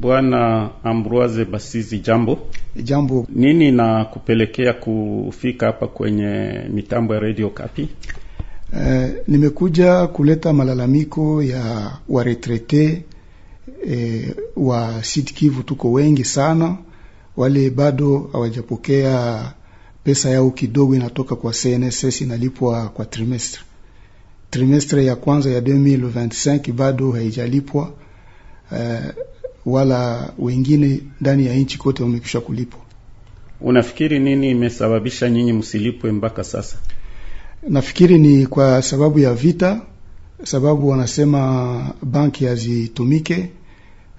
Bwana Ambroise Basizi, jambo. Jambo. Nini na kupelekea kufika hapa kwenye mitambo ya Radio Kapi? Uh, nimekuja kuleta malalamiko ya waretrete eh, wa Sud Kivu. Tuko wengi sana, wale bado hawajapokea pesa yao kidogo, inatoka kwa CNSS, inalipwa kwa trimestre trimestre ya kwanza ya 2025 bado haijalipwa. Uh, wala wengine ndani ya nchi kote wamekwisha kulipwa. Unafikiri nini imesababisha nyinyi msilipwe mpaka sasa? Nafikiri ni kwa sababu ya vita, sababu wanasema banki hazitumike,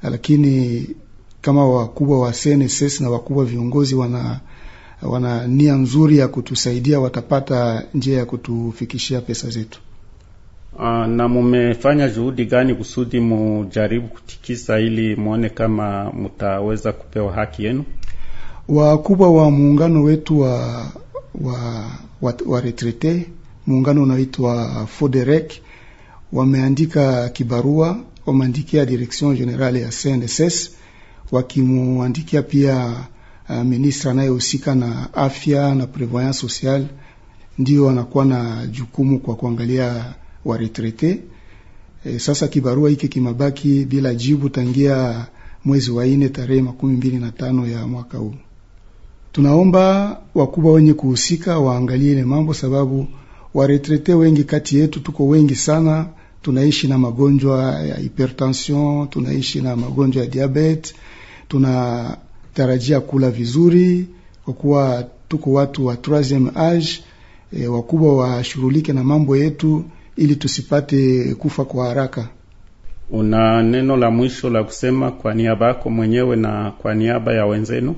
lakini kama wakubwa wa CNSS na wakubwa viongozi wana wana nia nzuri ya kutusaidia, watapata njia ya kutufikishia pesa zetu. Aa, ah, na mumefanya juhudi gani kusudi mujaribu kutikisa ili muone kama mutaweza kupewa haki yenu? Wakubwa wa muungano wetu wa wa, wa, wa retrete muungano unaitwa Foderec wameandika kibarua, wameandikia direction generale ya CNSS, wakimuandikia pia uh, ah, ministra anayehusika na afya na prevoyance sociale, ndio anakuwa na jukumu kwa kuangalia wa retraite. E, sasa kibarua hiki kimabaki bila jibu tangia mwezi wa nne tarehe makumi mbili na tano ya mwaka huu. Tunaomba wakubwa wenye kuhusika waangalie ile mambo, sababu waretrete wengi kati yetu tuko wengi sana, tunaishi na magonjwa ya hipertension, tunaishi na magonjwa ya diabete tunatarajia kula vizuri kwa kuwa tuko watu wa troisieme age. E, wakubwa washughulike na mambo yetu ili tusipate kufa kwa haraka. Una neno la mwisho la kusema kwa niaba yako mwenyewe na kwa niaba ya wenzenu?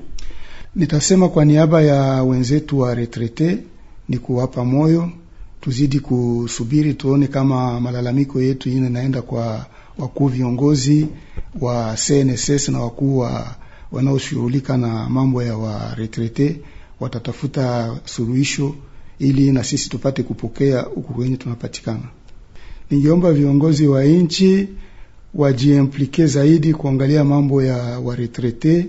Nitasema kwa niaba ya wenzetu wa retrete ni kuwapa moyo, tuzidi kusubiri tuone kama malalamiko yetu yine naenda kwa wakuu viongozi wa CNSS na wakuu wa wanaoshughulika na mambo ya waretrete, watatafuta suluhisho ili na sisi tupate kupokea huku kwenye tunapatikana. Ningeomba viongozi wa nchi wajiimplike zaidi kuangalia mambo ya waretrete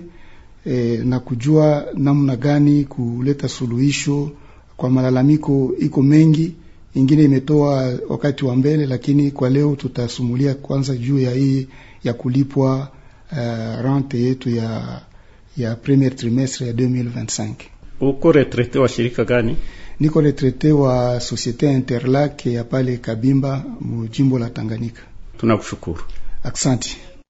e, na kujua namna gani kuleta suluhisho kwa malalamiko. Iko mengi ingine imetoa wakati wa mbele, lakini kwa leo tutasumulia kwanza juu ya hii ya kulipwa uh, rente yetu ya ya premier trimestre ya 2025. Uko retrete wa shirika gani? niko retrete wa Societe Interlake ya pale Kabimba, mujimbo la Tanganyika. Tunakushukuru, aksanti.